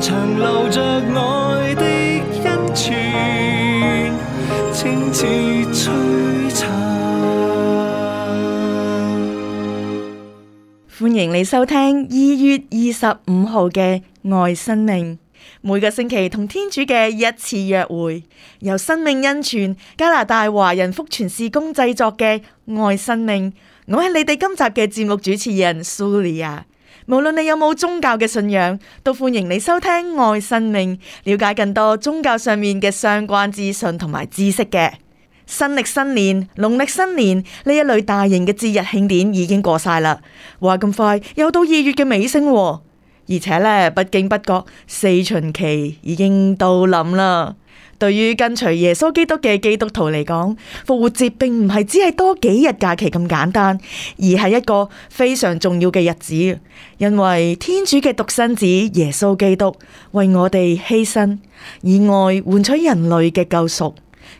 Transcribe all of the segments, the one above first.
長留著愛的恩泉清澈璀璨，歡迎你收聽二月二十五號嘅《愛生命》，每個星期同天主嘅一次約會，由生命恩泉加拿大華人福傳事工製作嘅《愛生命》，我係你哋今集嘅節目主持人蘇莉亞。無論你有冇宗教嘅信仰，都歡迎你收聽《愛生命》，了解更多宗教上面嘅相關資訊同埋知識嘅。新曆新年、農曆新年呢一類大型嘅節日慶典已經過晒啦，話咁快又到二月嘅尾聲，而且呢，不經不覺四旬期已經到臨啦。對於跟隨耶穌基督嘅基督徒嚟講，復活節並唔係只係多幾日假期咁簡單，而係一個非常重要嘅日子。因為天主嘅獨生子耶穌基督為我哋犧牲，以愛換取人類嘅救贖。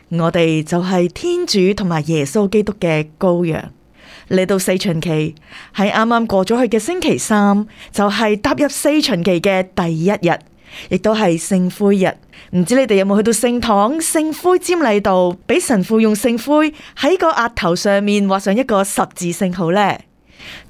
我哋就係天主同埋耶穌基督嘅羔羊。嚟到四旬期，喺啱啱過咗去嘅星期三，就係踏入四旬期嘅第一日。亦都係聖灰日，唔知你哋有冇去到聖堂聖灰瞻禮度，俾神父用聖灰喺個額頭上面畫上一個十字聖號呢？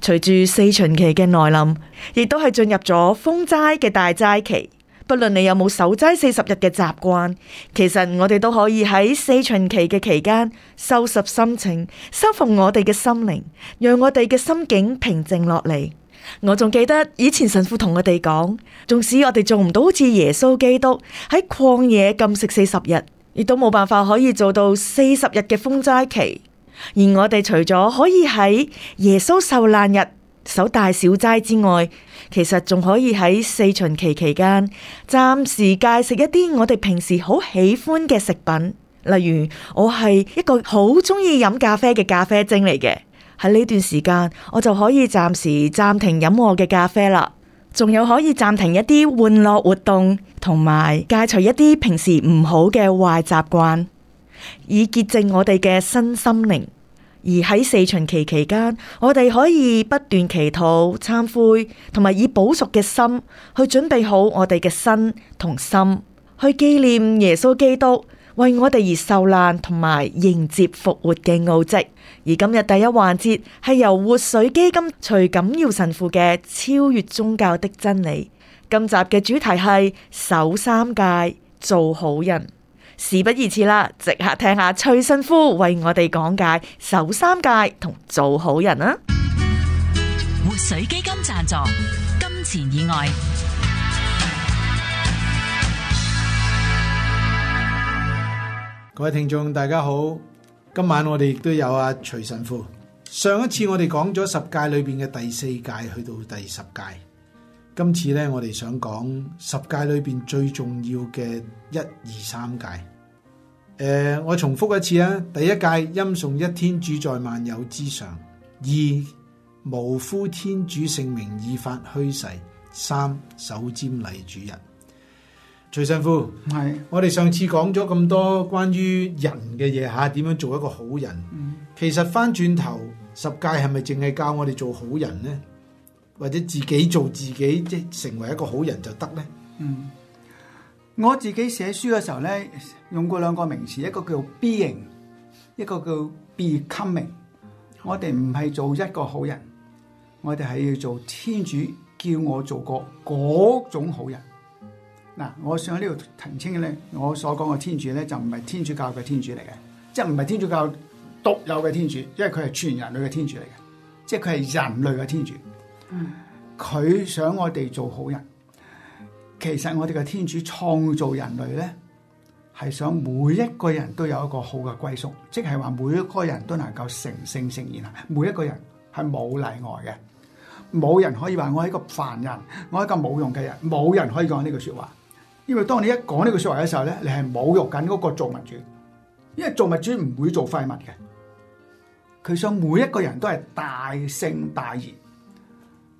隨住四旬期嘅來臨，亦都係進入咗封齋嘅大齋期。不論你有冇守齋四十日嘅習慣，其實我哋都可以喺四旬期嘅期間收拾心情，修復我哋嘅心靈，讓我哋嘅心境平靜落嚟。我仲記得以前神父同我哋講，縱使我哋做唔到好似耶穌基督喺曠野禁食四十日，亦都冇辦法可以做到四十日嘅封齋期。而我哋除咗可以喺耶穌受難日守大小齋之外，其實仲可以喺四旬期期間暫時戒食一啲我哋平時好喜歡嘅食品，例如我係一個好鍾意飲咖啡嘅咖啡精嚟嘅。喺呢段時間，我就可以暫時暫停飲我嘅咖啡啦，仲有可以暫停一啲玩樂活動，同埋戒除一啲平時唔好嘅壞習慣，以潔淨我哋嘅身心靈。而喺四旬期期間，我哋可以不斷祈禱、懺悔，同埋以補贖嘅心去準備好我哋嘅身同心，去紀念耶穌基督。為我哋而受難同埋迎接復活嘅奧迹，而今日第一環節係由活水基金徐錦耀神父嘅《超越宗教的真理》。今集嘅主題係守三戒做好人，事不宜遲啦，即刻聽，聽下徐神父為我哋講解守三戒同做好人啊！活水基金贊助，金錢以外。各位聽眾大家好，今晚我哋亦都有阿徐神父。上一次我哋講咗十誡裏邊嘅第四誡去到第十誡，今次咧我哋想講十誡裏邊最重要嘅一二三誡。誒、呃，我重複一次啊，第一誡欽崇一天主在萬有之上，二毋呼天主聖名以發虛誓，三守瞻禮主日」。徐神父，係我哋上次講咗咁多關於人嘅嘢吓，點樣做一個好人？嗯、其實翻轉頭十誡係咪淨係教我哋做好人呢？或者自己做自己，即成為一個好人就得呢？嗯，我自己寫書嘅時候呢，用過兩個名詞，一個叫 being，一個叫 becoming。我哋唔係做一個好人，我哋係要做天主叫我做個嗰種好人。嗱，我想喺呢度澄清嘅，咧，我所講嘅天主咧就唔係天主教嘅天主嚟嘅，即係唔係天主教獨有嘅天主，因為佢係全人類嘅天主嚟嘅，即係佢係人類嘅天主。佢想我哋做好人，其實我哋嘅天主創造人類咧，係想每一個人都有一個好嘅歸宿，即係話每一個人都能夠成聖成賢啊！每一個人係冇例外嘅，冇人可以話我係一個凡人，我係一個冇用嘅人，冇人可以講呢句說話。因為當你一講呢句說話嘅時候咧，你係侮辱緊嗰個造物主，因為造物主唔會做廢物嘅，佢想每一個人都係大聖大賢。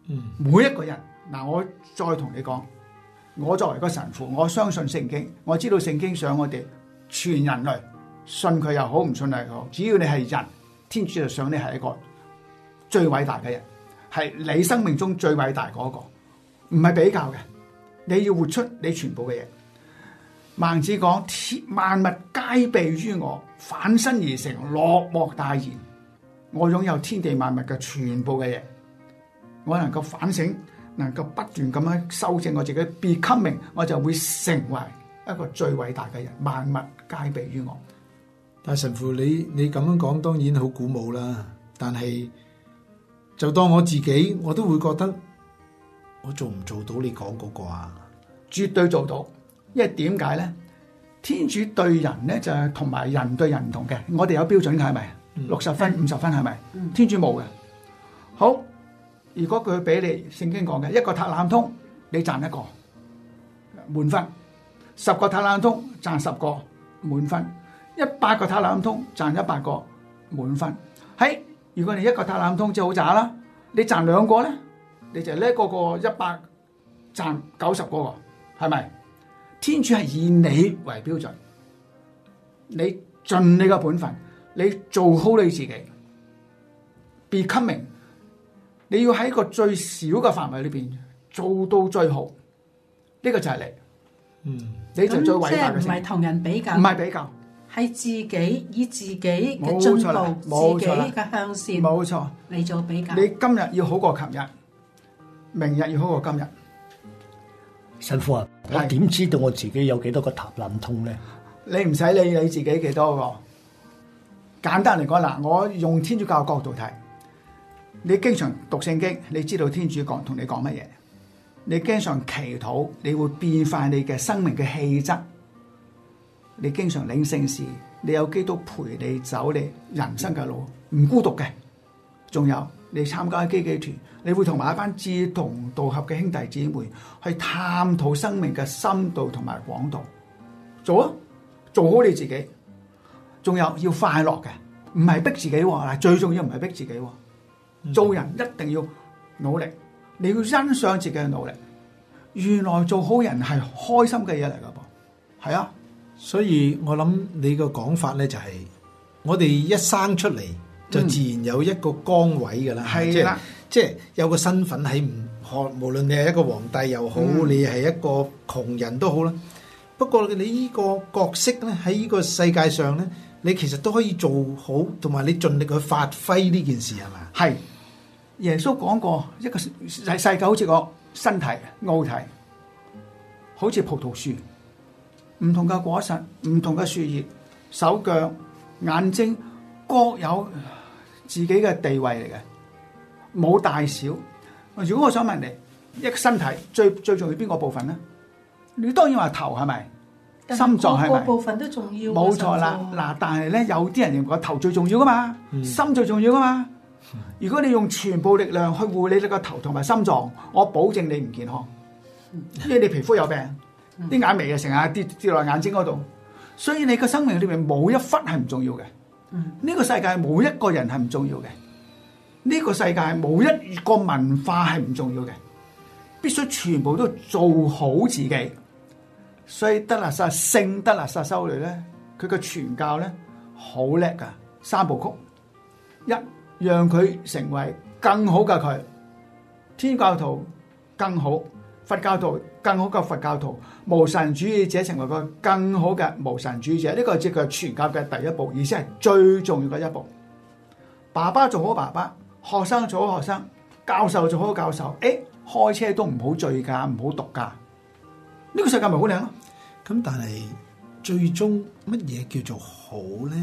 嗯，每一個人嗱，我再同你講，我作為個神父，我相信聖經，我知道聖經想我哋全人類信佢又好，唔信佢又好，只要你係人，天主就想你係一個最偉大嘅人，係你生命中最偉大嗰個，唔係比較嘅。你要活出你全部嘅嘢。孟子講：天萬物皆備於我，反身而誠，樂莫大焉。我擁有天地萬物嘅全部嘅嘢，我能夠反省，能夠不斷咁樣修正我自己，必克明，我就會成為一個最偉大嘅人。萬物皆備於我。但神父，你你咁樣講，當然好鼓舞啦。但係就當我自己，我都會覺得我做唔做到你講嗰個啊？絕對做到，因為點解咧？天主對人咧就係同埋人對人唔同嘅，我哋有標準嘅係咪？六十分、嗯、五十分係咪？嗯。天主冇嘅。好，如果佢俾你聖經講嘅一個塔冷通，你賺一個滿分；十個塔冷通賺十個滿分；一百個塔冷通賺一百個滿分。喺如果你一個塔冷通就好渣啦，你賺兩個咧，你就叻過個一百賺九十個，個係咪？天主係以你為標準，你盡你個本分，你做好你自己，becoming，你要喺個最小嘅範圍裏邊做到最好，呢個就係你，你就。嗯，你最偉大嘅。咁唔係同人比較，唔係比較，係自己以自己嘅進步，自己嘅向善，冇錯，你做比較。你今日要好過琴日，明日要好過今日。神父啊！我點知道我自己有幾多個塔腩通咧？你唔使理你自己幾多個，簡單嚟講嗱，我用天主教嘅角度睇，你經常讀聖經，你知道天主講同你講乜嘢？你經常祈禱，你會變化你嘅生命嘅氣質。你經常領聖事，你有基督陪你走你人生嘅路，唔孤獨嘅。仲有。你參加啲基基團，你會同埋一班志同道合嘅兄弟姊妹去探討生命嘅深度同埋廣度，做啊，做好你自己。仲有要快樂嘅，唔係逼自己喎。嗱，最重要唔係逼自己喎。做人一定要努力，你要欣賞自己嘅努力。原來做好人係開心嘅嘢嚟㗎噃，係啊。所以我諗你個講法咧就係、是，我哋一生出嚟。就自然有一個崗位嘅啦、嗯，即係即係有個身份喺唔學，無論你係一個皇帝又好，嗯、你係一個窮人都好啦。不過你呢個角色咧喺呢個世界上咧，你其實都可以做好，同埋你盡力去發揮呢件事係嘛？係，耶穌講過，一個係世界好似個身體、奧體，好似葡萄樹，唔同嘅果實、唔、嗯、同嘅樹葉、手腳、眼睛各有。自己嘅地位嚟嘅，冇大小。如果我想問你，一個身體最最重要邊個部分咧？你當然話頭係咪？心臟係咪？個部分都重要。冇錯啦，嗱，但係咧，有啲人認為個頭最重要噶嘛、嗯，心最重要噶嘛。如果你用全部力量去護理你個頭同埋心臟，我保證你唔健康、嗯，因為你皮膚有病，啲、嗯、眼眉啊成日跌跌落眼睛嗰度，所以你個生命裏面冇一忽係唔重要嘅。呢個世界冇一個人係唔重要嘅，呢個世界冇一個文化係唔重要嘅，必須全部都做好自己。所以德勒薩聖德勒薩修女咧，佢嘅傳教咧好叻噶，三部曲：一，讓佢成為更好嘅佢，天教徒更好，佛教徒，更好嘅佛教徒、無神主義者成為個更好嘅無神主義者，呢個係即係傳教嘅第一步，而且係最重要嘅一步。爸爸做好爸爸，學生做好學生，教授做好教授。誒、哎，開車都唔好醉駕，唔好毒駕，呢、這個世界咪好靚咯。咁但係最終乜嘢叫做好咧？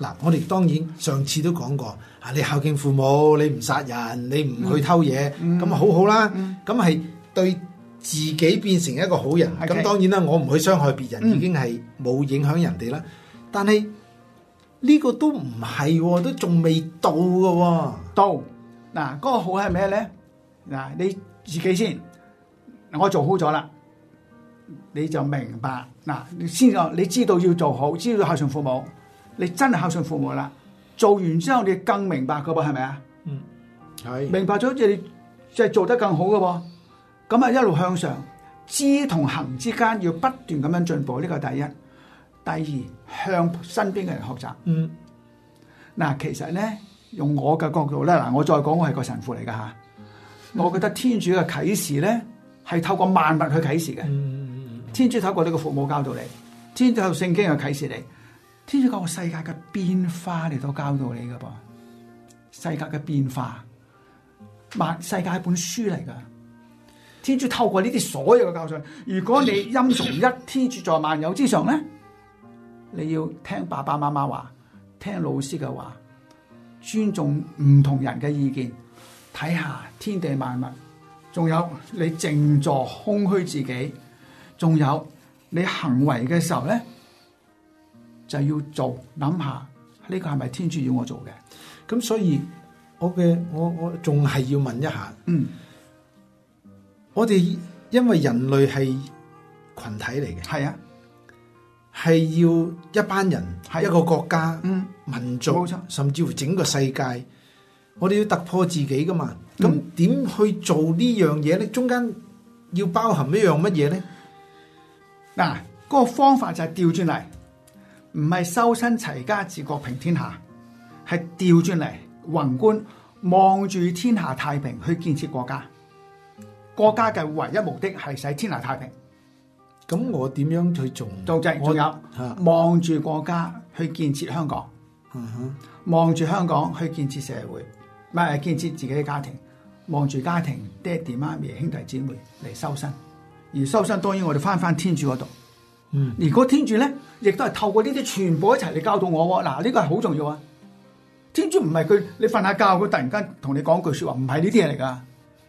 嗱，我哋當然上次都講過，嚇你孝敬父母，你唔殺人，你唔去偷嘢，咁、嗯、好好啦。咁、嗯、係對。自己變成一個好人，咁當然啦，我唔去傷害別人，okay. 已經係冇影響人哋啦，嗯。但係呢個都唔係，都仲未到嘅。到嗱，嗰個好係咩咧？嗱，你自己先，我做好咗啦，你就明白。嗱，你先你知道要做好，知道要孝順父母，你真係孝順父母啦。做完之後，你更明白噶噃，係咪啊？嗯，係明白咗，即係即係做得更好噶噃。咁啊，一路向上，知同行之間要不斷咁樣進步，呢個第一。第二，向身邊嘅人學習。嗯。嗱，其實咧，用我嘅角度咧，嗱，我再講，我係個神父嚟噶吓。我覺得天主嘅啟示咧，係透過萬物去啟示嘅。嗯。天主透過呢個父母教到你，天主透過聖經去啟示你，天主透過世界嘅變化嚟到教到你噶噃。世界嘅變化，萬世界係本書嚟噶。天主透過呢啲所有嘅教訓，如果你陰從一，天主在萬有之上咧，你要聽爸爸媽媽話，聽老師嘅話，尊重唔同人嘅意見，睇下天地萬物，仲有你靜坐空虛自己，仲有你行為嘅時候咧，就要做，諗下呢個係咪天主要我做嘅？咁所以我嘅我我仲係要問一下。嗯。我哋因為人類係群體嚟嘅，係啊，係要一班人、啊，一個國家、嗯、民族，甚至乎整個世界，我哋要突破自己噶嘛。咁、嗯、點去做這呢樣嘢咧？中間要包含一樣乜嘢咧？嗱、嗯，嗰、那個方法就係調轉嚟，唔係修身齊家治國平天下，係調轉嚟宏觀望住天下太平去建設國家。國家嘅唯一目的係使天下太平。咁我點樣去做？做嘅，仲有，望住國家去建設香港，嗯、哼，望住香港去建設社會，唔係建設自己嘅家庭。望住家庭，爹哋媽咪兄弟姊妹嚟修身。而修身，當然我哋翻翻天主嗰度。嗯，而嗰天主咧，亦都係透過呢啲全部一齊嚟教導我。嗱，呢個係好重要啊！天主唔係佢，你瞓下覺佢突然間同你講句說話，唔係呢啲嘢嚟噶。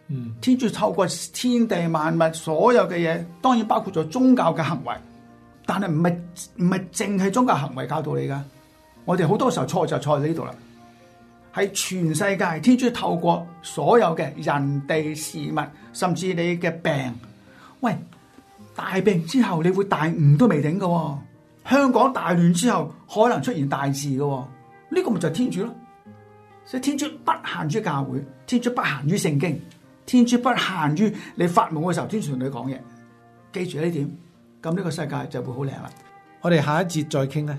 嗯、天主透過天地萬物所有嘅嘢，當然包括咗宗教嘅行為，但係唔係唔係淨係宗教行為教導你噶，我哋好多時候錯就錯喺呢度啦。喺全世界天主透過所有嘅人地事物，甚至你嘅病，喂，大病之後你會大悟都未定噶、哦，香港大亂之後可能出現大治噶、哦，呢、這個咪就係天主咯。所以天主不限於教會，天主不限於聖經。天主不限於你發夢嘅時候，天主同你講嘢，記住呢點，咁呢個世界就會好靚啦。我哋下一節再傾啦。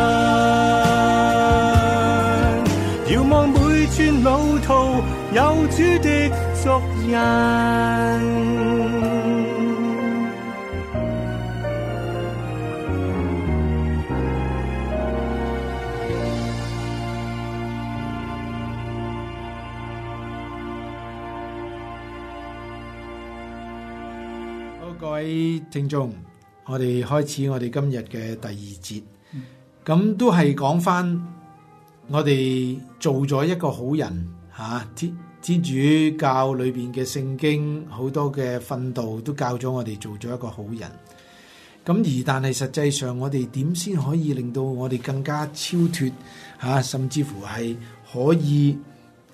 好，各位聽眾，我哋開始我哋今日嘅第二節，咁、嗯、都係講返我哋做咗一個好人吓。啊天主教裏邊嘅聖經，好多嘅訓導都教咗我哋做咗一個好人。咁而但係實際上我哋點先可以令到我哋更加超脱啊？甚至乎係可以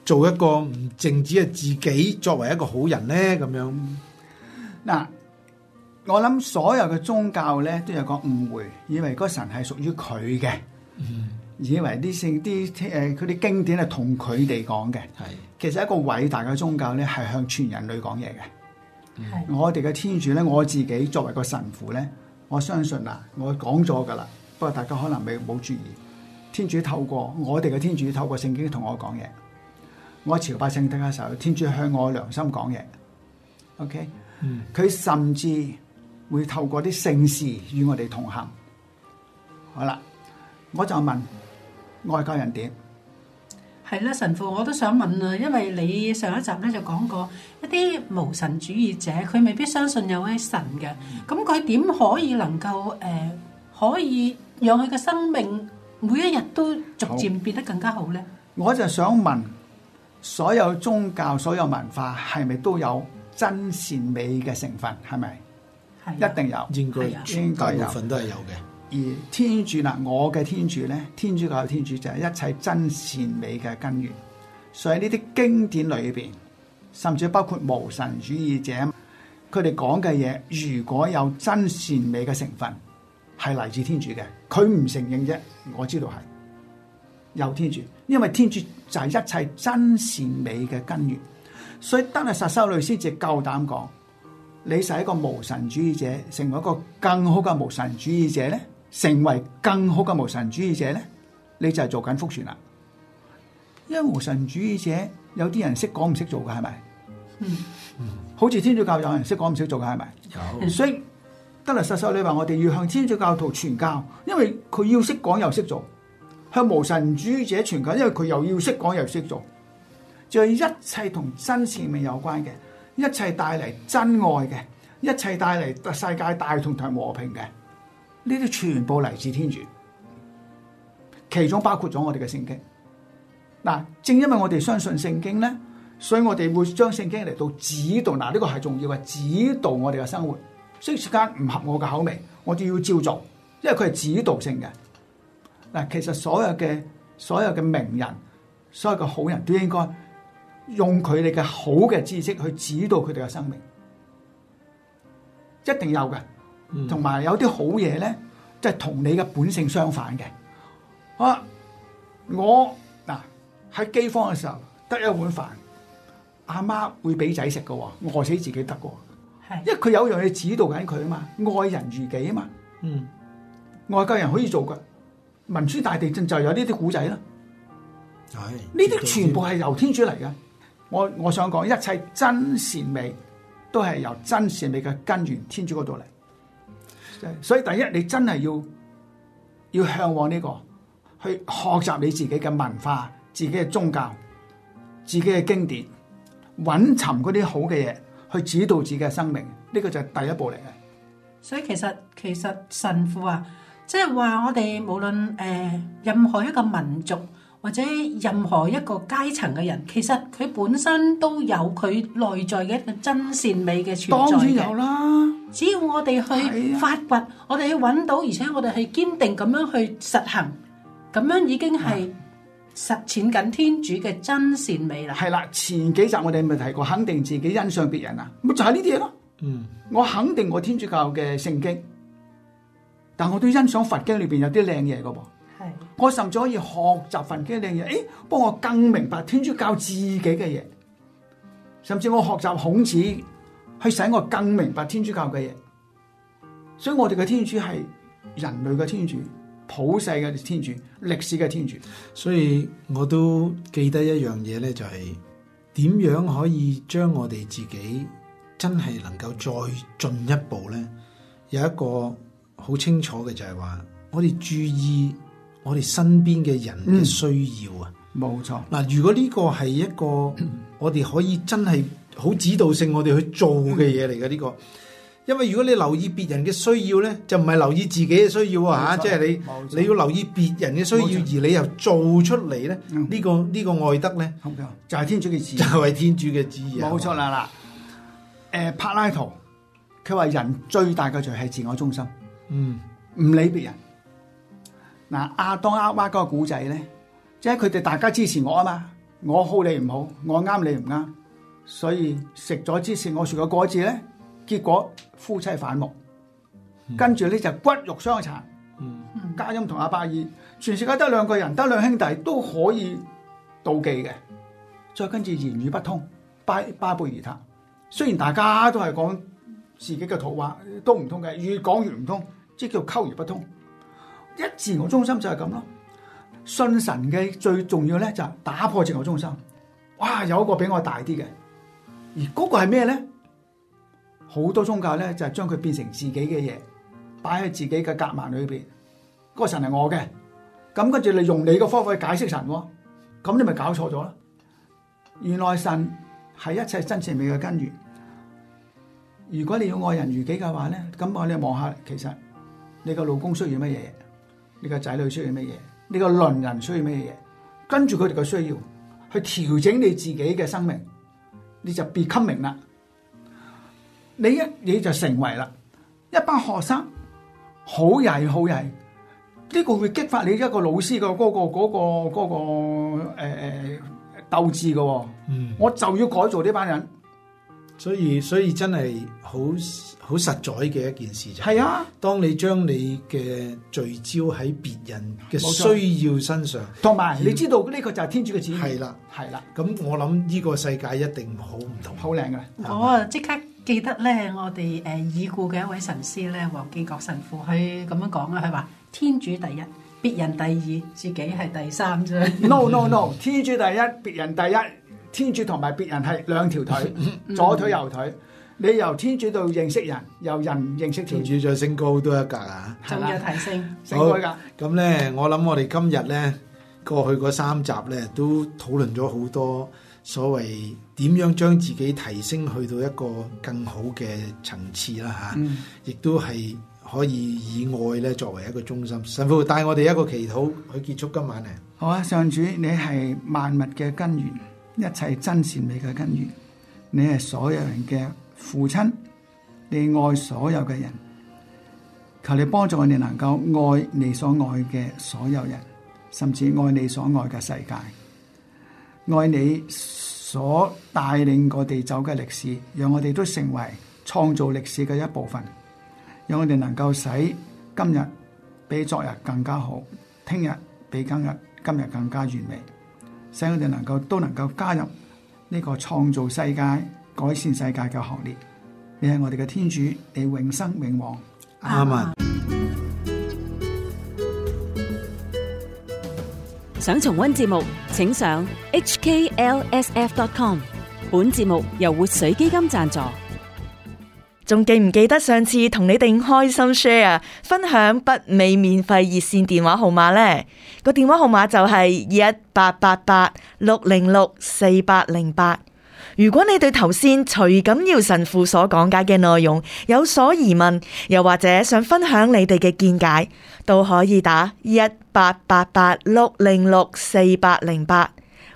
做一個唔淨止係自己作為一個好人咧咁樣。嗱，呃，我諗所有嘅宗教咧都有個誤會，以為個神係屬於佢嘅，以為啲聖啲誒佢啲經典係同佢哋講嘅，係。其實一個偉大嘅宗教咧，係向全人類講嘢嘅。我哋嘅天主咧，我自己作為個神父咧，我相信啊，我講咗噶啦，不過大家可能未冇注意。天主透過我哋嘅天主透過聖經同我講嘢。我朝拜聖體嘅時候，天主向我良心講嘢。OK，佢、嗯、甚至會透過啲聖事與我哋同行。好啦，我就問外教人點？係啦，神父，我都想問啊，因為你上一集咧就講過一啲無神主義者，佢未必相信有位神嘅，咁佢點可以能夠誒、呃，可以讓佢嘅生命每一日都逐漸變得更加好咧？我就想問，所有宗教、所有文化係咪都有真善美嘅成分？係咪？係，一定有。應該、應該有大部分都係有嘅。而天主嗱，我嘅天主咧，天主教嘅天主就係、是、一切真善美嘅根源。所以呢啲經典裏邊，甚至包括無神主義者，佢哋講嘅嘢如果有真善美嘅成分，係嚟自天主嘅，佢唔承認啫。我知道係有天主，因為天主就係一切真善美嘅根源。所以德蘭修女至夠膽講，你係一個無神主義者，成為一個更好嘅無神主義者咧。成為更好嘅無神主義者咧，你就係做緊福傳啦。因為無神主義者有啲人識講唔識做嘅係咪？嗯，好似天主教有人識講唔識做嘅係咪？有，所以得來失收，你話我哋要向天主教徒傳教，因為佢要識講又識做；向無神主義者傳教，因為佢又要識講又識做。就係一切同真善美有關嘅，一切帶嚟真愛嘅，一切帶嚟世界大同同和平嘅。呢啲全部嚟自天主，其中包括咗我哋嘅聖經。嗱，正因為我哋相信聖經咧，所以我哋會將聖經嚟到指導。嗱，呢個係重要嘅，指導我哋嘅生活。所以時間唔合我嘅口味，我哋要照做，因為佢係指導性嘅。嗱，其實所有嘅所有嘅名人，所有嘅好人都應該用佢哋嘅好嘅知識去指導佢哋嘅生命，一定有嘅。同埋有啲好嘢咧，即係同你嘅本性相反嘅。啊，我嗱，喺饑荒嘅時候得一碗飯，阿、啊、媽會俾仔食嘅喎，我餓死自己得嘅喎。係，因為佢有樣嘢指導緊佢啊嘛，愛人如己啊嘛。嗯，外國人可以做嘅，汶川大地震就有呢啲古仔啦。係，呢啲全部係由天主嚟嘅。我我想講一切真善美都係由真善美嘅根源天主嗰度嚟。所以第一，你真係要要嚮往呢個，去學習你自己嘅文化、自己嘅宗教、自己嘅經典，揾尋嗰啲好嘅嘢去指導自己嘅生命，呢個就係第一步嚟嘅。所以其實其實神父啊，即係話我哋無論誒、呃、任何一個民族。或者任何一個階層嘅人，其實佢本身都有佢內在嘅一個真善美嘅存在嘅。當然有啦，只要我哋去發掘，的我哋去揾到，而且我哋去堅定咁樣去實行，咁樣已經係實踐緊天主嘅真善美啦。係啦，前幾集我哋咪提過，肯定自己欣賞別人啊，咪就係呢啲嘢咯。嗯，我肯定我天主教嘅聖經，但我都欣賞佛經裏邊有啲靚嘢嘅噃。我甚至可以學習凡間啲嘢，誒、哎，幫我更明白天主教自己嘅嘢。甚至我學習孔子，去使我更明白天主教嘅嘢。所以我哋嘅天主係人類嘅天主，普世嘅天主，歷史嘅天主。所以我都記得一樣嘢咧，就係點樣可以將我哋自己真係能夠再進一步咧？有一個好清楚嘅就係話，我哋注意。我哋身邊嘅人嘅需要啊，冇、嗯、錯。嗱，如果呢個係一個我哋可以真係好指導性，我哋去做嘅嘢嚟嘅呢個，因為如果你留意別人嘅需要咧，就唔係留意自己嘅需要啊，吓、就是，即係你你要留意別人嘅需要，而你又做出嚟咧，呢、這個呢、這個愛德咧、嗯，就係、是、天主嘅旨意，就係、是、天主嘅旨意，冇錯啦啦。誒、嗯，柏拉圖佢話人最大嘅罪係自我中心，嗯，唔理別人。嗱、啊，亞當亞娃嗰個古仔咧，即係佢哋大家支持我啊嘛，我好你唔好，我啱你唔啱，所以食咗之前我食嘅果子咧，結果夫妻反目，嗯、跟住咧就係、骨肉相殘。嘉、嗯、音同阿拜爾，全世界得兩個人，得兩兄弟都可以妒忌嘅，再跟住言語不通，巴巴貝爾塔，雖然大家都係講自己嘅土話，都唔通嘅，越講越唔通，即叫溝而不通。一自我中心就係咁咯，信神嘅最重要咧就係打破自我中心。哇，有一個比我大啲嘅，而嗰個係咩咧？好多宗教咧就係將佢變成自己嘅嘢，擺喺自己嘅夾萬裏邊。個神係我嘅，咁跟住你用你嘅方法去解釋神，咁你咪搞錯咗啦。原來神係一切真善美嘅根源。如果你要愛人如己嘅話咧，咁我你望下，其實你個老公需要乜嘢？你個仔女需要乜嘢？你個鄰人需要乜嘢？跟住佢哋嘅需要，去調整你自己嘅生命，你就被吸明啦。你一你就成為啦一班學生，好曳好曳，呢個會激發你一個老師嘅嗰個嗰個嗰個嗰個誒誒、鬥志嘅哦。嗯，我就要改造呢班人。所以所以真係好。好實在嘅一件事就係啊！當你將你嘅聚焦喺別人嘅需要身上，同埋你知道呢個就係天主嘅旨意。係啦，係啦。咁我諗呢個世界一定好唔同，好靚噶。我即刻記得咧，我哋誒已故嘅一位神師咧，王建國神父，佢咁樣講啦，佢話：天主第一，別人第二，自己係第三啫。 no no no！天主第一，別人第一，天主同埋別人係兩條腿， 左腿右腿。 你由天主度認識人，由人認識天主，天主再升高都一格啊！就一提升，升高噶咁咧。我諗我哋今日咧，過去嗰三集咧，都討論咗好多所謂點樣將自己提升去到一個更好嘅層次啦吓，亦、啊嗯、都係可以以愛咧作為一個中心。神父帶我哋一個祈禱去結束今晚咧。好啊，上主，你係萬物嘅根源，一切真善美嘅根源，你係所有人嘅。父親，你愛所有嘅人，求你幫助我哋能夠愛你所愛嘅所有人，甚至愛你所愛嘅世界，愛你所帶領我哋走嘅歷史，讓我哋都成為創造歷史嘅一部分，讓我哋能夠使今日比昨日更加好，聽日比今日今日更加完美，使我哋能夠都能夠加入呢個創造世界。改善世界嘅行列，你係我哋嘅天主，你永生永王。阿們。啊，想重溫節目，請上 hklsf.com。本節目由活水基金贊助。仲記唔記得上次同你哋開心 share 分，分享北美免費熱線電話號碼呢？個電話號碼就係一八八八六零六四八零八。如果你對頭先徐錦堯神父所講解嘅內容有所疑問，又或者想分享你哋嘅見解，都可以打一八八八六零六四八零八，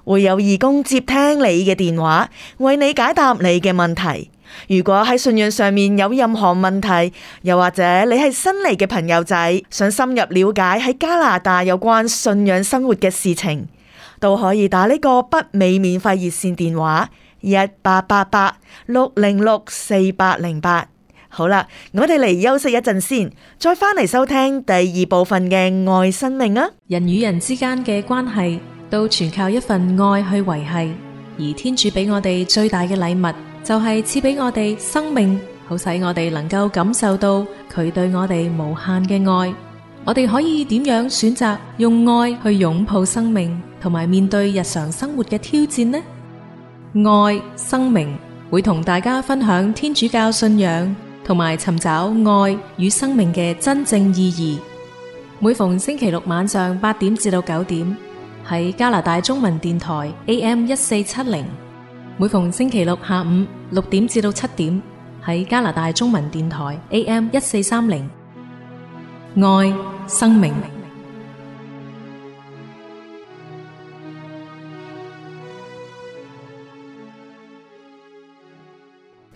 會有義工接聽你嘅電話，為你解答你嘅問題。如果喺信仰上面有任何問題，又或者你係新嚟嘅朋友仔，想深入了解喺加拿大有關信仰生活嘅事情，都可以打呢個北美免費熱線電話。一八八八六零六四八零八，好啦，我哋嚟休息一陣先，再翻嚟收聽第二部分嘅愛生命啊！人與人之間嘅關係，都全靠一份愛去維繫。而天主俾我哋最大嘅禮物，就係賜俾我哋生命，好使我哋能夠感受到佢對我哋無限嘅愛。我哋可以點樣選擇用愛去擁抱生命，同埋面對日常生活嘅挑戰呢？愛生命會同大家分享天主教信仰，同埋尋找愛與生命嘅真正意義。每逢星期六晚上八點至到九點，喺加拿大中文電台 AM 一四七零；每逢星期六下午六點至到七點，喺加拿大中文電台 AM 一四三零。愛生命。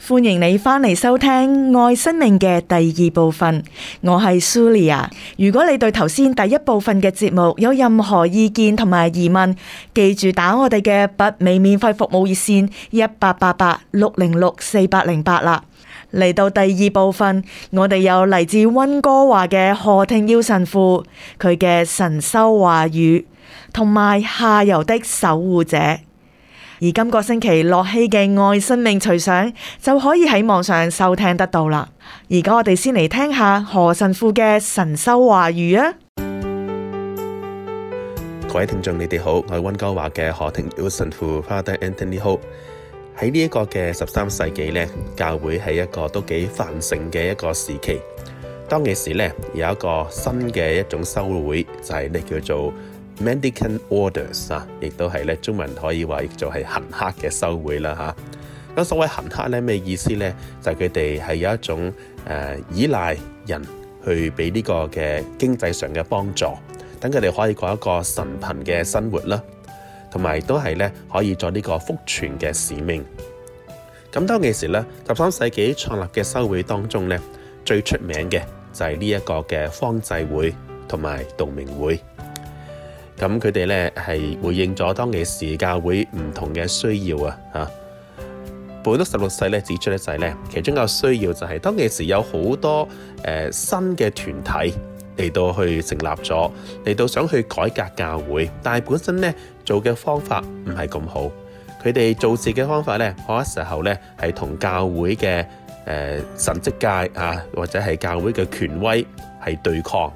歡迎你返嚟收聽愛生命嘅第二部分，我係蘇麗亞。如果你對頭先第一部分嘅節目有任何意見同埋疑問，記住打我哋嘅北美免費服務熱線一八八八六零六四八零八啦。嚟到第二部分，我哋有嚟自溫哥華嘅何聽耀神父，佢嘅神修話語同埋下游的守護者。而今個星期，樂器嘅愛生命隨想就可以喺網上收聽得到啦。而家我哋先嚟聽下何神父嘅神修話語啊！各位聽眾，你哋好，我係温哥華嘅何神父 Father Anthony Ho。喺呢一個嘅十三世紀呢，教會係一個都幾繁盛嘅一個時期。當其時呢，有一個新嘅一種修會，就係呢叫做。Mendicant Orders 啊，亦都係咧，中文可以話，就係行乞嘅修會啦嚇。咁所謂行乞咧咩意思咧？就係佢哋係有一種誒依賴人去俾呢個嘅經濟上嘅幫助，等佢哋可以過一個神貧嘅生活啦，同埋都係咧可以做呢個福傳嘅使命。咁當其時咧，十三世紀創立嘅修會當中咧，最出名嘅就係呢一個嘅方濟會同埋道明會。咁佢哋咧係回應咗當其時教會唔同嘅需要啊！啊，本篤十六世咧指出咧，世咧其中嘅需要就係、是、當其時有好多誒、呃、新嘅團體嚟到去成立咗，嚟到想去改革教會，但係本身咧做嘅方法唔係咁好，佢哋做事嘅方法咧好多時候咧係同教會嘅誒、呃、神職界啊，或者係教會嘅權威係對抗。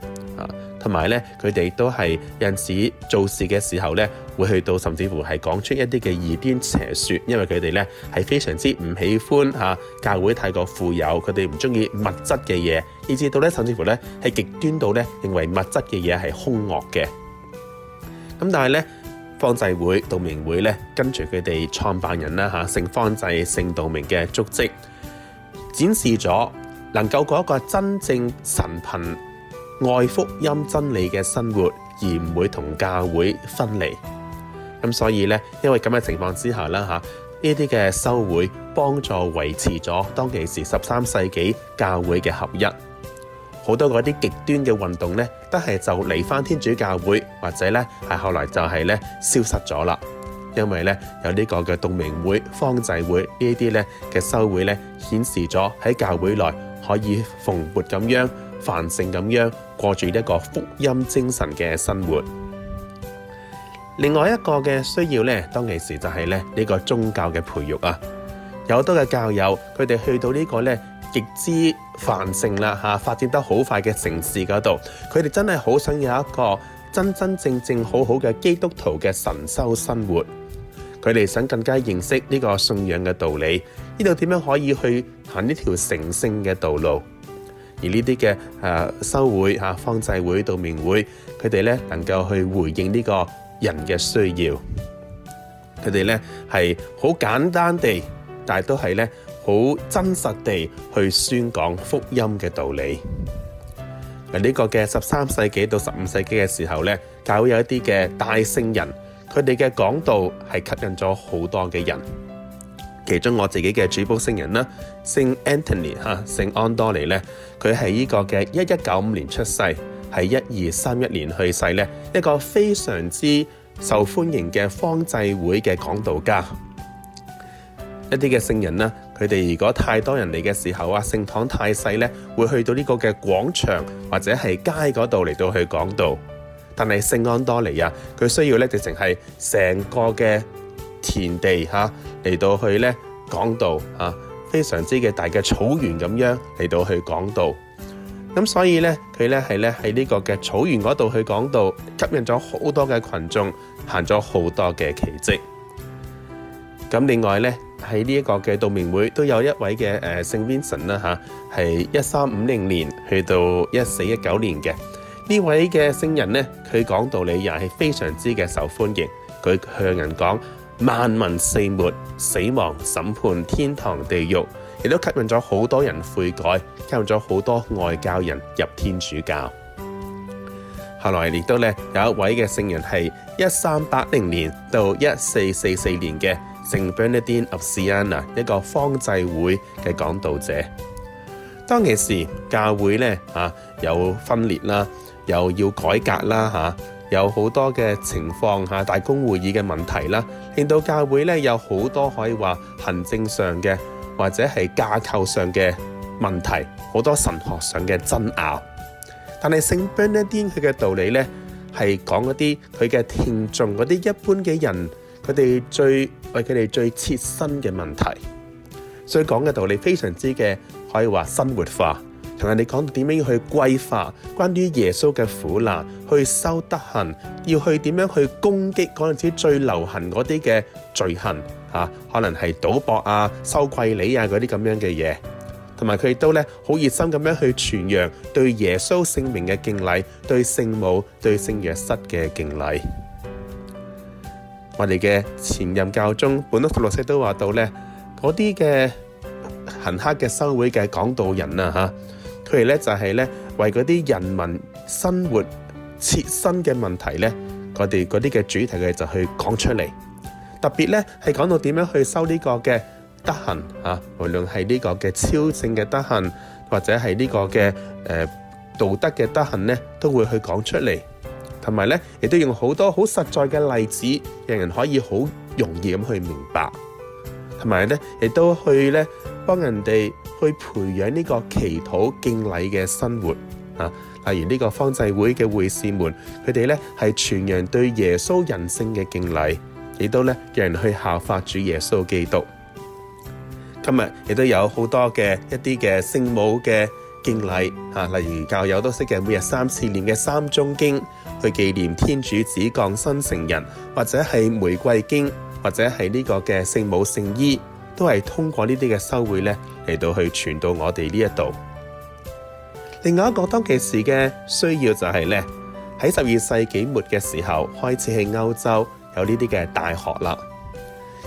同埋咧，佢哋都係有陣時做事嘅時候咧，會去到甚至乎係講出一啲嘅異端邪説，因為佢哋咧係非常之唔喜歡嚇教會太過富有，佢哋唔中意物質嘅嘢，以至到咧甚至乎咧係極端到咧認為物質嘅嘢係兇惡嘅。咁但係咧，方濟會、道明會咧跟住佢哋創辦人啦吓聖方濟、聖道明嘅足跡，展示咗能夠過一個真正神貧，外福音真理嘅生活，而唔會同教會分離，咁所以呢，因為咁嘅情況之下啦，吓呢啲嘅修會幫助維持咗當其時十三世紀教會嘅合一。好多嗰啲極端嘅運動呢，都係就離翻天主教會或者呢，係後來就係呢消失咗啦。因為呢有呢個嘅道明會方濟會呢啲呢嘅修會呢顯示咗喺教會內可以蓬勃咁樣繁盛咁樣過住一個福音精神嘅生活。另外一個嘅需要呢，當其時就係呢呢個宗教嘅培育啊。有好多嘅教友，佢哋去到呢個極之繁盛啦吓，發展得好快嘅城市嗰度，佢哋真係好想有一個真真正正好好嘅基督徒嘅神修生活。佢哋想更加認識呢個信仰嘅道理，呢度點樣可以去行呢條成聖嘅道路？而呢啲嘅誒修會嚇、啊、方濟會、道明會，佢哋咧能夠去回應呢個人嘅需要，佢哋咧係好簡單地，但係都係咧好真實地去宣講福音嘅道理。嗱、啊，呢、這個嘅十三世紀到十五世紀嘅時候咧，教會有一啲嘅大聖人，佢哋嘅講道係吸引咗好多嘅人。其中我自己嘅主保聖人啦，聖安東尼吓，聖安多尼咧，佢係呢個嘅一一九五年出世，喺一二三一年去世咧，一個非常之受歡迎嘅方濟會嘅講道家。一啲嘅聖人啦，佢哋如果太多人嚟嘅時候啊，聖堂太細咧，會去到呢個嘅廣場或者係街嗰度嚟到去講道。但係聖安多尼啊，佢需要咧直情係成個嘅。田地吓嚟、啊、到去咧講道吓、啊，非常之嘅大嘅草原咁樣嚟到去講道。咁所以呢，佢呢係咧喺呢個嘅草原嗰度去講道，吸引咗好多嘅群眾，行咗好多嘅奇跡。咁另外呢，喺呢一個嘅道明會都有一位嘅誒聖 Vincent 啦吓，係一三五零年去到一四一九年嘅呢位嘅聖人呢，佢講道理又係非常之嘅受歡迎。佢向人講。萬民四末、死亡、審判、天堂地獄、地獄，亦都吸引咗好多人悔改，吸引咗好多外教人入天主教。後來亦都咧有一位嘅聖人係一三八零年到一四四四年嘅聖 Bernardine of Siena，一個方濟會嘅講道者。當其時教會咧啊有分裂啦，又要改革啦吓。啊有好多嘅情況下，大公會議嘅問題啦，令到教會咧有好多可以話行政上嘅或者係架構上嘅問題，好多神學上嘅爭拗。但係聖班尼丁佢嘅道理咧，係講嗰啲佢嘅聽眾嗰啲一般嘅人，佢哋最為佢哋最切身嘅問題，所以講嘅道理非常之嘅可以話生活化。同人哋講到點樣去歸化，關於耶穌嘅苦難，去修德行，要去點樣去攻擊嗰陣時最流行嗰啲嘅罪行，吓、啊、可能係賭博啊、收貴利啊嗰啲咁樣嘅嘢，同埋佢哋都咧好熱心咁樣去傳揚對耶穌聖名嘅敬禮，對聖母、對聖若瑟嘅敬禮。我哋嘅前任教宗本篤十六世都話到咧，嗰啲嘅行黑嘅修會嘅講道人啊，吓。佢哋咧就係、是、咧為嗰啲人民生活切身嘅問題咧，我哋嗰啲嘅主題嘅就去講出嚟。特別咧係講到點樣去修呢個嘅德行啊，無論係呢個嘅超正嘅德行，或者係呢個嘅誒、呃、道德嘅德行咧，都會去講出嚟。同埋咧，亦都用好多好實在嘅例子，讓人可以好容易咁去明白。同埋咧，亦都去咧。幫人哋去培養呢個祈禱敬禮嘅生活啊，例如呢個方濟會嘅會士們，佢哋咧係傳揚對耶穌人性嘅敬禮，亦都咧有人去效法主耶穌基督。今日亦都有好多嘅一啲嘅聖母嘅敬禮啊，例如教友都識嘅每日三次念嘅三鐘經，去紀念天主子降生成人，或者係玫瑰經，或者係呢個嘅聖母聖衣。都係通過呢啲嘅修會咧嚟到去傳到我哋呢一度。另外一個當其時嘅需要就係呢：喺十二世紀末嘅時候開始，喺歐洲有呢啲嘅大學啦。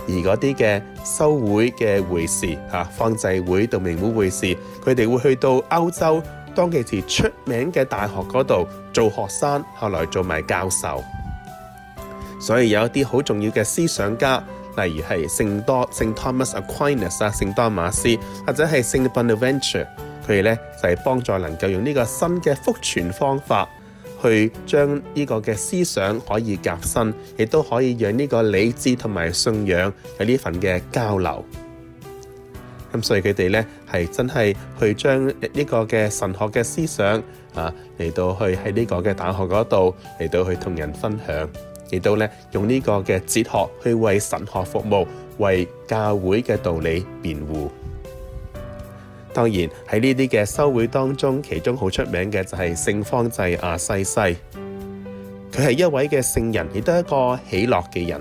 而嗰啲嘅修會嘅會士啊，方濟會、道明會會士，佢、啊、哋會，會，會，會去到歐洲當其時出名嘅大學嗰度做學生，後來做埋教授。所以有一啲好重要嘅思想家。例如係聖多聖托馬斯阿奎納斯啊，聖多馬斯或者係聖 Bonaventure 佢哋咧就係、是、幫助能夠用呢個新嘅福傳方法，去將呢個嘅思想可以夾身，亦都可以讓呢個理智同埋信仰有呢份嘅交流。咁所以佢哋咧係真係去將呢個嘅神學嘅思想啊嚟到去喺呢個嘅大學嗰度嚟到去同人分享。亦都咧用呢個嘅哲學去為神學服務，為教會嘅道理辯護。當然喺呢啲嘅修會當中，其中好出名嘅就係聖方濟亞西西，佢係一位嘅聖人，亦都係一個喜樂嘅人。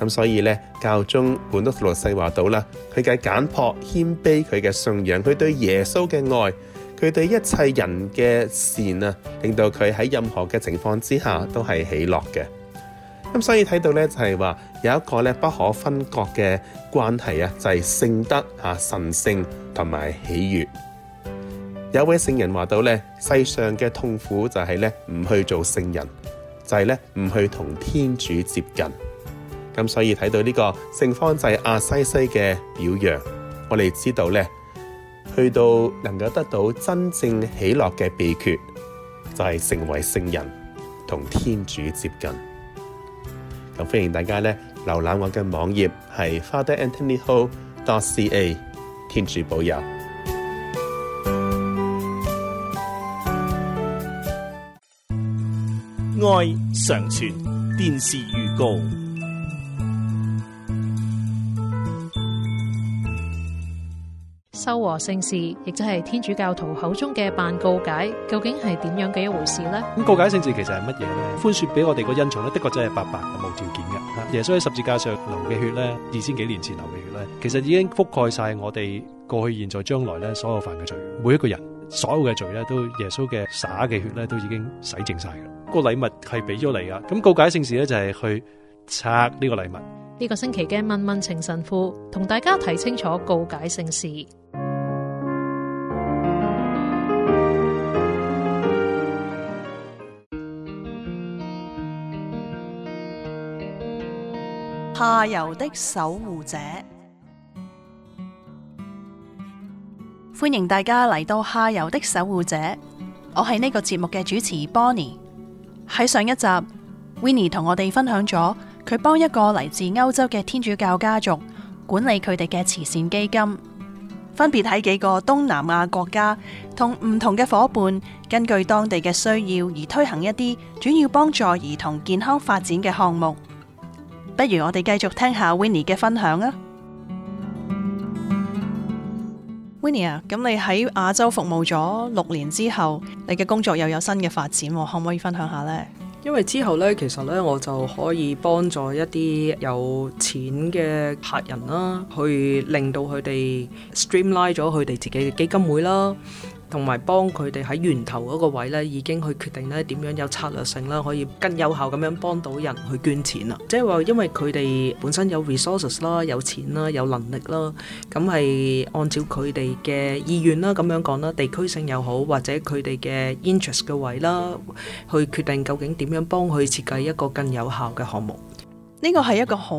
咁所以呢，教宗本篤六世話到啦，佢嘅簡樸、謙卑，佢嘅信仰，佢對耶穌嘅愛。佢對一切人嘅善啊，令到佢喺任何嘅情況之下都係喜樂嘅。咁所以睇到呢，就係話有一個呢不可分割嘅關係啊，就係聖德啊、神聖同埋喜悅。有位聖人話到呢，世上嘅痛苦就係呢唔去做聖人，就係呢唔去同天主接近。咁所以睇到呢個聖方就係阿西西嘅表揚，我哋知道呢。去到能夠得到真正喜樂嘅秘訣，就係、是、成為聖人同天主接近。咁歡迎大家呢瀏覽我嘅網頁，係 FatherAnthonyHo.CA。天主保佑，愛常傳電視預告。修和聖事，亦即係天主教徒口中嘅辦告解，究竟係點樣嘅一回事呢？咁告解聖事其實係乜嘢呢？寬恕俾我哋個恩寵咧，的確真係白白，係無條件嘅。耶穌喺十字架上流嘅血咧，二千幾年前流嘅血咧，其實已經覆蓋晒我哋過去、現在、將來咧所有犯嘅罪。每一個人所有嘅罪咧，都耶穌嘅灑嘅血咧，都已經洗淨晒嘅。那個禮物係俾咗你噶，咁告解聖事咧就係去拆呢個禮物。呢、呢個星期嘅問問情神父同大家睇清楚告解聖事。下游的守護者，歡迎大家嚟到下游的守護者。我係呢個節目嘅主持 Bonnie。喺上一集，Winnie 同我哋分享咗佢幫一個嚟自歐洲嘅天主教家族管理佢哋嘅慈善基金，分別喺幾個東南亞國家同唔同嘅夥伴，根據當地嘅需要而推行一啲主要幫助兒童健康發展嘅項目。不如我哋繼續聽下 Winnie 嘅分享啊，Winnie 啊，咁你喺亞洲服務咗六年之後，你嘅工作又有新嘅發展，可唔可以分享下呢？因為之後呢，其實呢，我就可以幫助一啲有錢嘅客人啦，去令到佢哋 streamline 咗佢哋自己嘅基金會啦。同埋幫佢哋喺源頭嗰個位呢，已經去決定呢，點樣有策略性啦，可以更有效咁樣幫到人去捐錢啦。即係話，因為佢哋本身有 resources 啦、有錢啦、有能力啦，咁係按照佢哋嘅意願啦，咁樣講啦，地區性又好，或者佢哋嘅 interest 嘅位啦，去決定究竟點樣幫佢設計一個更有效嘅項目。呢個係一個好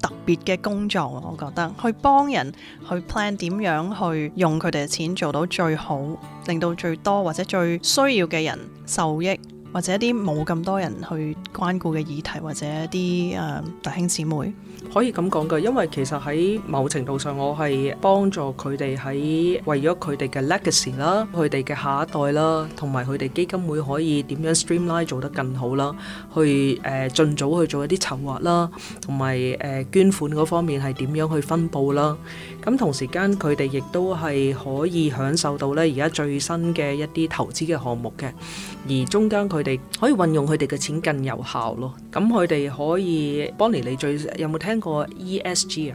特別嘅工作，我覺得去幫人去 plan 點樣去用佢哋嘅錢做到最好，令到最多或者最需要嘅人受益，或者一啲冇咁多人去關顧嘅議題，或者一啲誒弟兄姊妹。可以咁講嘅，因為其實喺某程度上，我係幫助佢哋喺為咗佢哋嘅 legacy 啦、佢哋嘅下一代啦，同埋佢哋基金會可以點樣 streamline 做得更好啦，去誒盡、呃、早去做一啲籌劃啦，同埋、呃、捐款嗰方面係點樣去分布啦。咁同時間佢哋亦都係可以享受到咧而家最新嘅一啲投資嘅項目嘅，而中間佢哋可以運用佢哋嘅錢更有效咯。咁佢哋可以幫你哋最有冇聽。聽過 ESG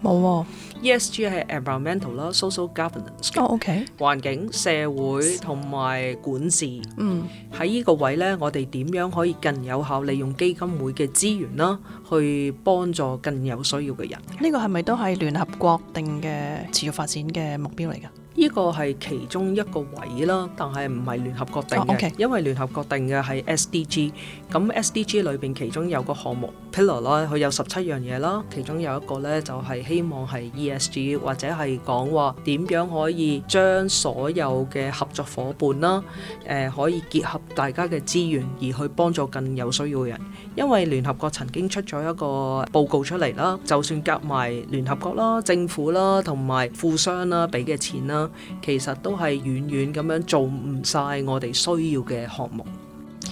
沒啊？冇，ESG 係 environmental 啦，social governance 哦。哦，O K。環境、社會同埋管治。嗯。喺呢個位呢，我哋點樣可以更有效利用基金會嘅資源啦，去幫助更有需要嘅人？呢、呢個係咪都係聯合國定嘅持續發展嘅目標嚟噶？呢、這個係其中一個位啦，但係唔係聯合國定嘅，oh, okay. 因為聯合國定嘅係 SDG。咁 SDG 裏邊其中有一個項目 pillar 啦，佢有十七樣嘢啦，其中有一個咧就係希望係 ESG 或者係講話點樣可以將所有嘅合作夥伴啦，誒、呃、可以結合大家嘅資源而去幫助更有需要嘅人。因為聯合國曾經出咗一個報告出嚟啦，就算夾埋聯合國啦、政府啦同埋富商啦俾嘅錢啦。其實都係遠遠咁樣做唔晒我哋需要嘅項目，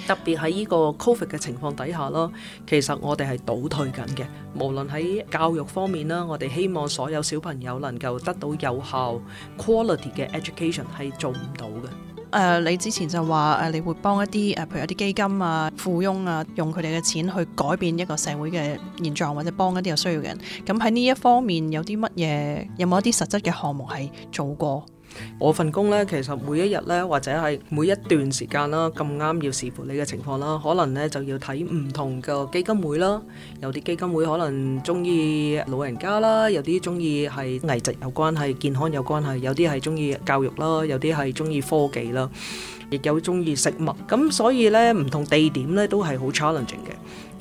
特別喺呢個 COVID 嘅情況底下啦，其實我哋係倒退緊嘅。無論喺教育方面啦，我哋希望所有小朋友能夠得到有效、 quality 嘅 education，係做唔到嘅。誒、uh，你之前就話誒，你會幫一啲誒，譬如一啲基金啊、富翁啊，用佢哋嘅錢去改變一個社會嘅現狀，或者幫一啲有需要嘅人。咁喺呢一方面有啲乜嘢？有冇一啲實質嘅項目係做過？我份工呢，其實每一日呢，或者係每一段時間啦，咁啱要視乎你嘅情況啦，可能呢，就要睇唔同嘅基金會啦，有啲基金會可能中意老人家啦，有啲中意係危疾有關係、健康有關係，有啲係中意教育啦，有啲係中意科技啦，亦有中意食物，咁所以呢，唔同地點呢，都係好 challenging 嘅。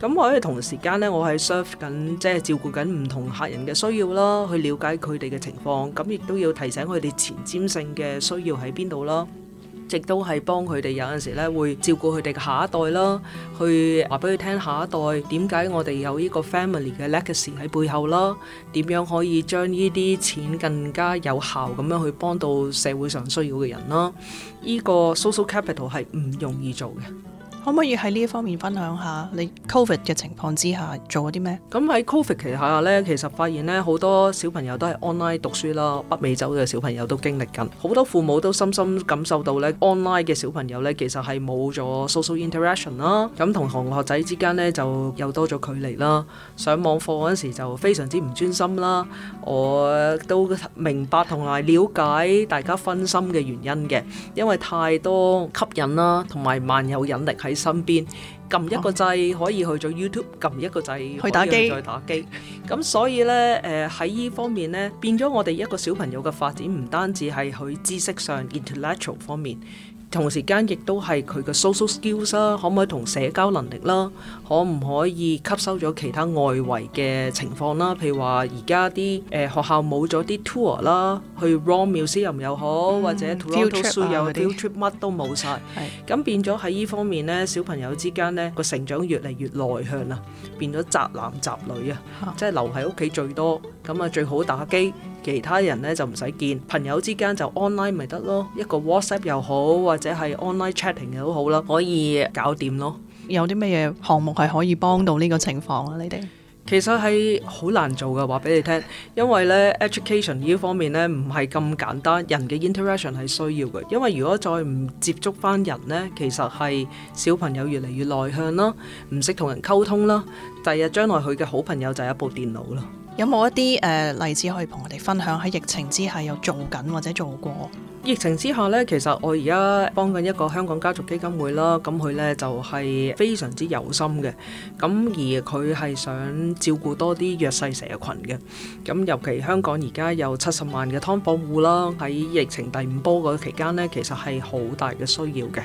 咁我可以同時間呢，我係 serve 緊，即係照顧緊唔同客人嘅需要啦，去了解佢哋嘅情況，咁亦都要提醒佢哋前瞻性嘅需要喺邊度啦。亦都係幫佢哋有陣時呢，會照顧佢哋嘅下一代啦，去話俾佢聽下一代點解我哋有呢個 family 嘅 legacy 喺背後啦，點樣可以將呢啲錢更加有效咁樣去幫到社會上需要嘅人啦。呢個 social capital 係唔容易做嘅。可唔可以喺呢一方面分享下你 Covid 嘅情況之下做咗啲咩？咁喺 Covid 期下咧，其實發現咧好多小朋友都係 online 讀書啦。北美洲嘅小朋友都經歷緊，好多父母都深深感受到咧 online 嘅小朋友咧，其實係冇咗 social interaction 啦。咁同同學仔之間咧就又多咗距離啦。上網課陣時就非常之唔專心啦。我都明白同埋了解大家分心嘅原因嘅，因為太多吸引啦，同埋萬有引力係。喺身邊撳一個掣可以去做 YouTube，撳一個掣去打遊戲、去打機。咁所以呢，誒喺依方面呢，變咗我哋一個小朋友嘅發展唔單止係佢知識上 intellectual 方面。同時間亦都係佢嘅 social skills 啦，可唔可以同社交能力啦，可唔可以吸收咗其他外圍嘅情況啦？譬如話而家啲誒學校冇咗啲 tour 啦，去 romance 又唔又好，或者 tour tour trip 又 trip 乜都冇晒。咁變咗喺依方面呢，小朋友之間呢個成長越嚟越內向啦，變咗宅男宅女啊，即係留喺屋企最多，咁啊最好打機。其他人咧就唔使見，朋友之間就 online 咪得咯，一個 WhatsApp 又好，或者係 online chatting 又好啦，可以搞掂咯。有啲咩嘢項目係可以幫到呢個情況啊？你哋其實係好難做嘅，話俾你聽，因為咧 education 呢方面咧唔係咁簡單，人嘅 interaction 係需要嘅。因為如果再唔接觸翻人咧，其實係小朋友越嚟越內向啦，唔識同人溝通啦，第日將來佢嘅好朋友就係一部電腦咯。有冇一啲誒、呃、例子可以同我哋分享？喺疫情之下又做緊或者做過？疫情之下呢，其實我而家幫緊一個香港家族基金會啦。咁佢呢，就係、是、非常之有心嘅。咁而佢係想照顧多啲弱勢社群嘅。咁尤其香港而家有七十萬嘅劏房戶啦，喺疫情第五波嗰期間呢，其實係好大嘅需要嘅。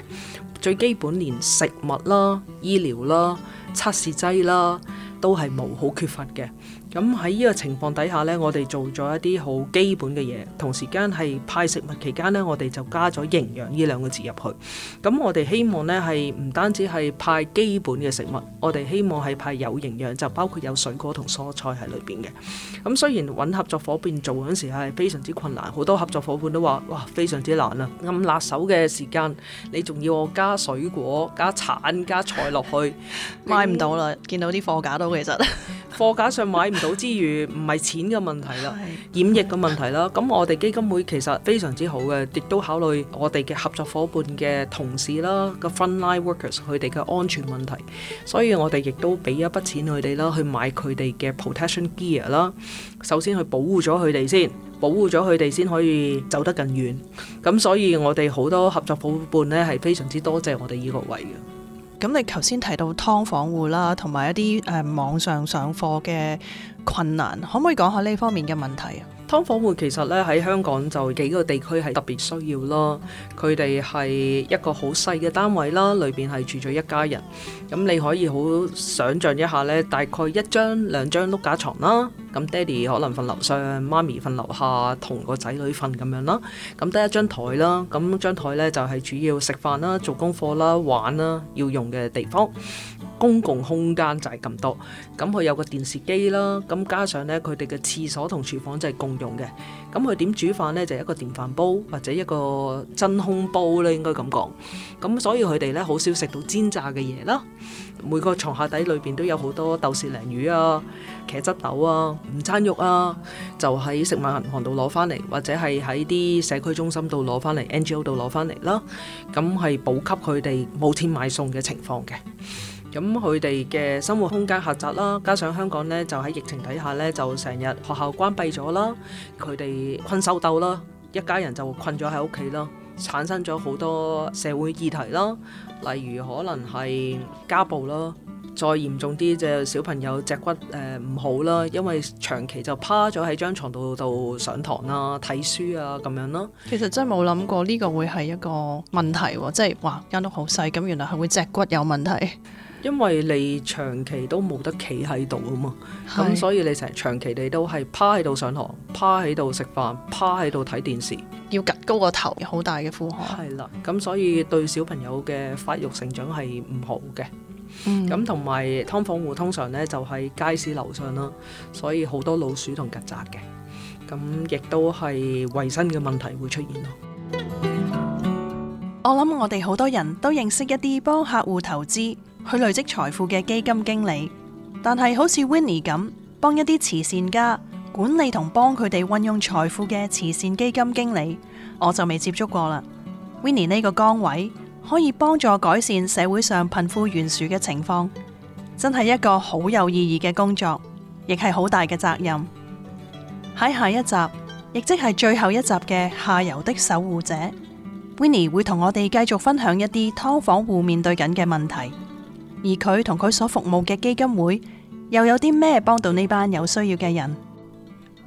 最基本連食物啦、醫療啦、測試劑啦，都係冇好缺乏嘅。咁喺呢個情況底下呢，我哋做咗一啲好基本嘅嘢，同時間係派食物期間呢，我哋就加咗營養呢兩個字入去。咁我哋希望呢係唔單止係派基本嘅食物，我哋希望係派有營養，就包括有水果同蔬菜喺裏邊嘅。咁雖然揾合作伙伴做嗰陣時係非常之困難，好多合作伙伴都話哇非常之難啊！咁辣手嘅時間，你仲要我加水果、加橙、加菜落去，買唔到啦！ 見到啲貨架都其實貨 架上買。到之餘唔係錢嘅問題啦，染疫嘅問題啦。咁我哋基金會其實非常之好嘅，亦都考慮我哋嘅合作伙伴嘅同事啦，個 front line workers 佢哋嘅安全問題。所以我哋亦都俾一筆錢佢哋啦，去買佢哋嘅 protection gear 啦。首先去保護咗佢哋先，保護咗佢哋先可以走得更遠。咁所以我哋好多合作伙伴呢，係非常之多謝我哋呢個位嘅。咁你頭先提到劏房戶啦，同埋一啲誒網上上課嘅困難，可唔可以講下呢方面嘅問題？劏房戶其實咧喺香港就幾個地區係特別需要咯。佢哋係一個好細嘅單位啦，裏邊係住咗一家人。咁你可以好想像一下呢，大概一張兩張碌架床啦。咁爹哋可能瞓樓上，媽咪瞓樓下，同個仔女瞓咁樣啦。咁得一張台啦，咁張台呢就係主要食飯啦、做功課啦、玩啦要用嘅地方。公共空間就係咁多，咁佢有個電視機啦。咁加上呢，佢哋嘅廁所同廚房就係共用嘅。咁佢點煮飯呢？就係一個電飯煲或者一個真空煲呢，應該咁講。咁所以佢哋呢好少食到煎炸嘅嘢啦。每個床下底裏邊都有好多豆豉鯪魚啊、茄汁豆啊、午餐肉啊，就喺食物銀行度攞翻嚟，或者係喺啲社區中心度攞翻嚟、NGO 度攞翻嚟啦。咁係補給佢哋冇錢買餸嘅情況嘅。咁佢哋嘅生活空間狹窄啦，加上香港呢就喺疫情底下呢，就成日學校關閉咗啦，佢哋困獸鬥啦，一家人就困咗喺屋企啦，產生咗好多社會議題啦，例如可能係家暴啦，再嚴重啲就小朋友脊骨唔好啦，因為長期就趴咗喺張床度上堂啊、睇書啊咁樣囉。其實真係冇諗過呢個會係一個問題喎，即係話間屋好細，咁、這個、原來係會脊骨有問題。因為你長期都冇得企喺度啊嘛，咁所以你成長期地都係趴喺度上堂，趴喺度食飯，趴喺度睇電視，要趷高個頭，有好大嘅負荷。係啦，咁所以對小朋友嘅發育成長係唔好嘅。咁同埋劏房戶通常咧就喺街市樓上啦，所以好多老鼠同曱甴嘅，咁亦都係衞生嘅問題會出現咯。我諗我哋好多人都認識一啲幫客戶投資。去累積財富嘅基金經理，但係好似 Winnie 咁，幫一啲慈善家管理同幫佢哋運用財富嘅慈善基金經理，我就未接觸過啦。Winnie 呢個崗位可以幫助改善社會上貧富懸殊嘅情況，真係一個好有意義嘅工作，亦係好大嘅責任。喺下一集，亦即係最後一集嘅下游的守護者，Winnie 會同我哋繼續分享一啲劏房戶面對緊嘅問題。而佢同佢所服務嘅基金會又有啲咩幫到呢班有需要嘅人？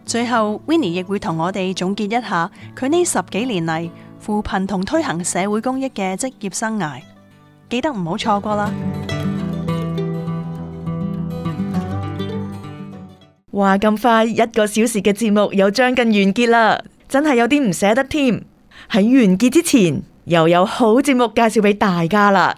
最後，Winnie 亦會同我哋總結一下佢呢十幾年嚟，扶貧同推行社會公益嘅職業生涯。記得唔好錯過啦！話咁快，一個小時嘅節目又將近完結啦，真係有啲唔捨得添。喺完結之前，又有好節目介紹俾大家啦。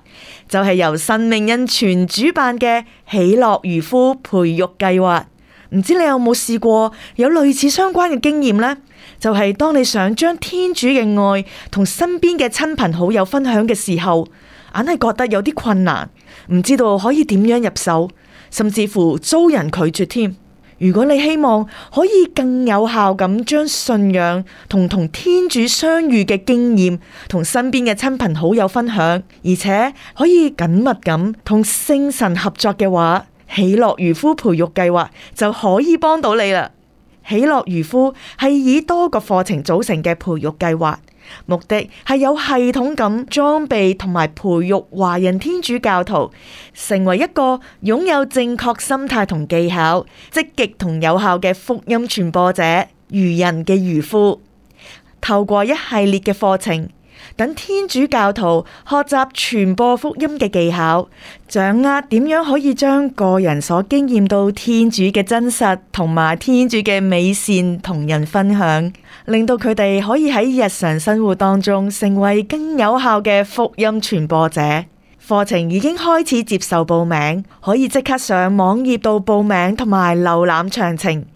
就係、是、由神命印傳主辦嘅喜樂漁夫培育計劃，唔知你有冇試過有類似相關嘅經驗呢？就係、是、當你想將天主嘅愛同身邊嘅親朋好友分享嘅時候，硬係覺得有啲困難，唔知道可以點樣入手，甚至乎遭人拒絕添。如果你希望可以更有效咁將信仰同同天主相遇嘅經驗同身邊嘅親朋好友分享，而且可以緊密咁同聖神合作嘅話，喜樂漁夫培育計劃就可以幫到你啦。喜樂漁夫係以多個課程組成嘅培育計劃。目的係有系統咁裝備同埋培育華人天主教徒，成為一個擁有正確心態同技巧，積極同有效嘅福音傳播者。漁人嘅漁夫，透過一系列嘅課程。等天主教徒學習傳播福音嘅技巧，掌握點樣可以將個人所經驗到天主嘅真實同埋天主嘅美善同人分享，令到佢哋可以喺日常生活當中成為更有效嘅福音傳播者。課程已經開始接受報名，可以即刻上網頁度報名同埋瀏覽詳情。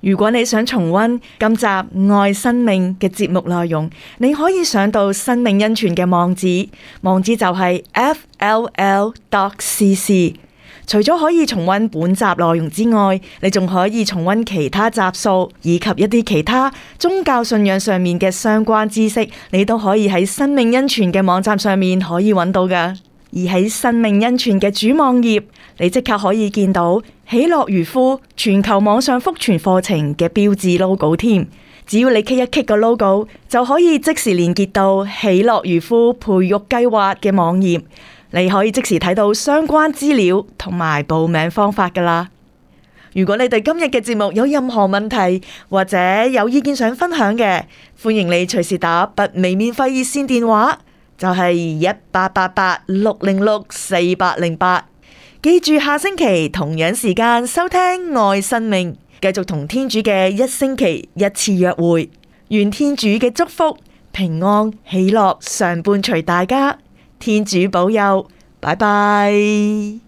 如果你想重溫今集愛生命嘅節目內容，你可以上到生命恩泉嘅網址，網址就係 fll.cc。除咗可以重溫本集內容之外，你仲可以重溫其他集數，以及一啲其他宗教信仰上面嘅相關知識，你都可以喺生命恩泉嘅網站上面可以揾到噶。而喺生命恩泉嘅主網頁，你即刻可以見到喜樂漁夫全球網上復傳課程嘅標誌 logo 添。只要你 k 一 k 個 logo，就可以即時連結到喜樂漁夫培育計劃嘅網頁。你可以即時睇到相關資料同埋報名方法㗎喇。如果你哋今日嘅節目有任何問題或者有意見想分享嘅，歡迎你隨時打北美免費熱線電話。就係一八八八六零六四八零八，記住下星期同樣時間收聽愛生命，繼續同天主嘅一星期一次約會，願天主嘅祝福平安喜樂常伴隨大家，天主保佑，拜拜。